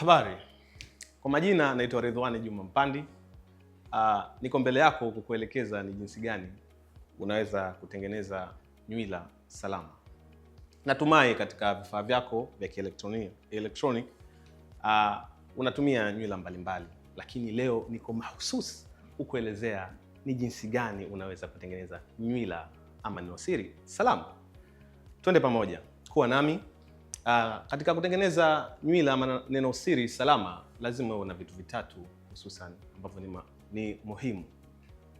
Habari, kwa majina naitwa Ridhwani Juma Mpandi. Uh, niko mbele yako kukuelekeza ni jinsi gani unaweza kutengeneza nywila salama. Natumai katika vifaa vyako vya kielektroniki uh, unatumia nywila mbalimbali, lakini leo niko mahususi kukuelezea ni jinsi gani unaweza kutengeneza nywila ama nenosiri salama. Twende pamoja, kuwa nami. Uh, katika kutengeneza nywila ama neno siri salama lazima uwe na vitu vitatu hususan ambavyo ni, ni muhimu.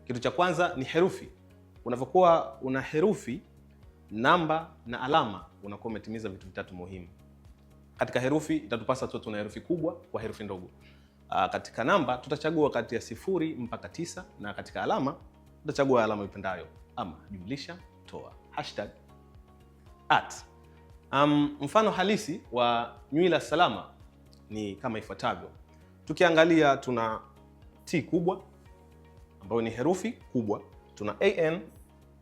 Kitu cha kwanza ni herufi. Unapokuwa una herufi, namba na alama, unakuwa umetimiza vitu vitatu muhimu. Katika herufi itatupasa tu tuna herufi kubwa kwa herufi ndogo. Uh, katika namba tutachagua kati ya sifuri mpaka tisa na katika alama tutachagua alama ipendayo ama jumlisha, toa, hashtag, at Um, mfano halisi wa nywila salama ni kama ifuatavyo. Tukiangalia tuna T kubwa ambayo ni herufi kubwa, tuna AN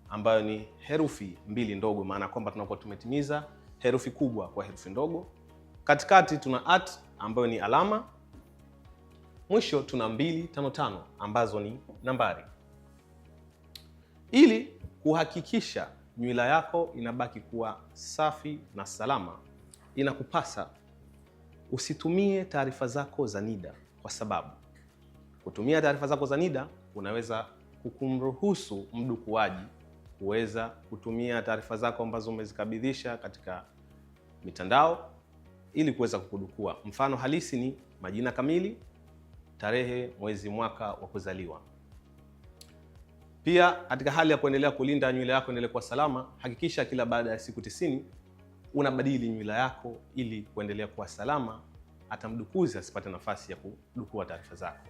ambayo ni herufi mbili ndogo, maana kwamba tunakuwa tumetimiza herufi kubwa kwa herufi ndogo. Katikati tuna at ambayo ni alama, mwisho tuna 255 ambazo ni nambari. Ili kuhakikisha nywila yako inabaki kuwa safi na salama. Inakupasa usitumie taarifa zako za NIDA kwa sababu kutumia taarifa zako za NIDA unaweza kukumruhusu mdukuaji kuweza kutumia taarifa zako ambazo umezikabidhisha katika mitandao ili kuweza kukudukua. Mfano halisi ni majina kamili, tarehe, mwezi, mwaka wa kuzaliwa. Pia katika hali ya kuendelea kulinda nywele yako endelee kuwa salama, hakikisha kila baada ya siku tisini unabadili nywele yako ili kuendelea kuwa salama, hata mdukuzi asipate nafasi ya kudukua taarifa zako.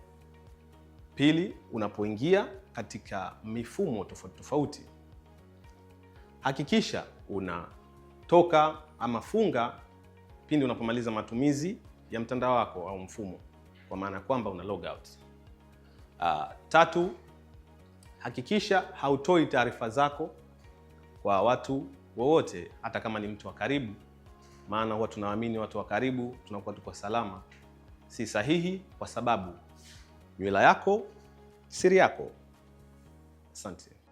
Pili, unapoingia katika mifumo tofauti tofauti, hakikisha unatoka ama funga pindi unapomaliza matumizi ya mtandao wako au mfumo, kwa maana kwamba una log out. Uh, tatu hakikisha hautoi taarifa zako kwa watu wowote, hata kama ni mtu wa karibu, maana huwa tunawaamini watu wa karibu, tunakuwa tuko salama. Si sahihi, kwa sababu nywila yako siri yako. Asante.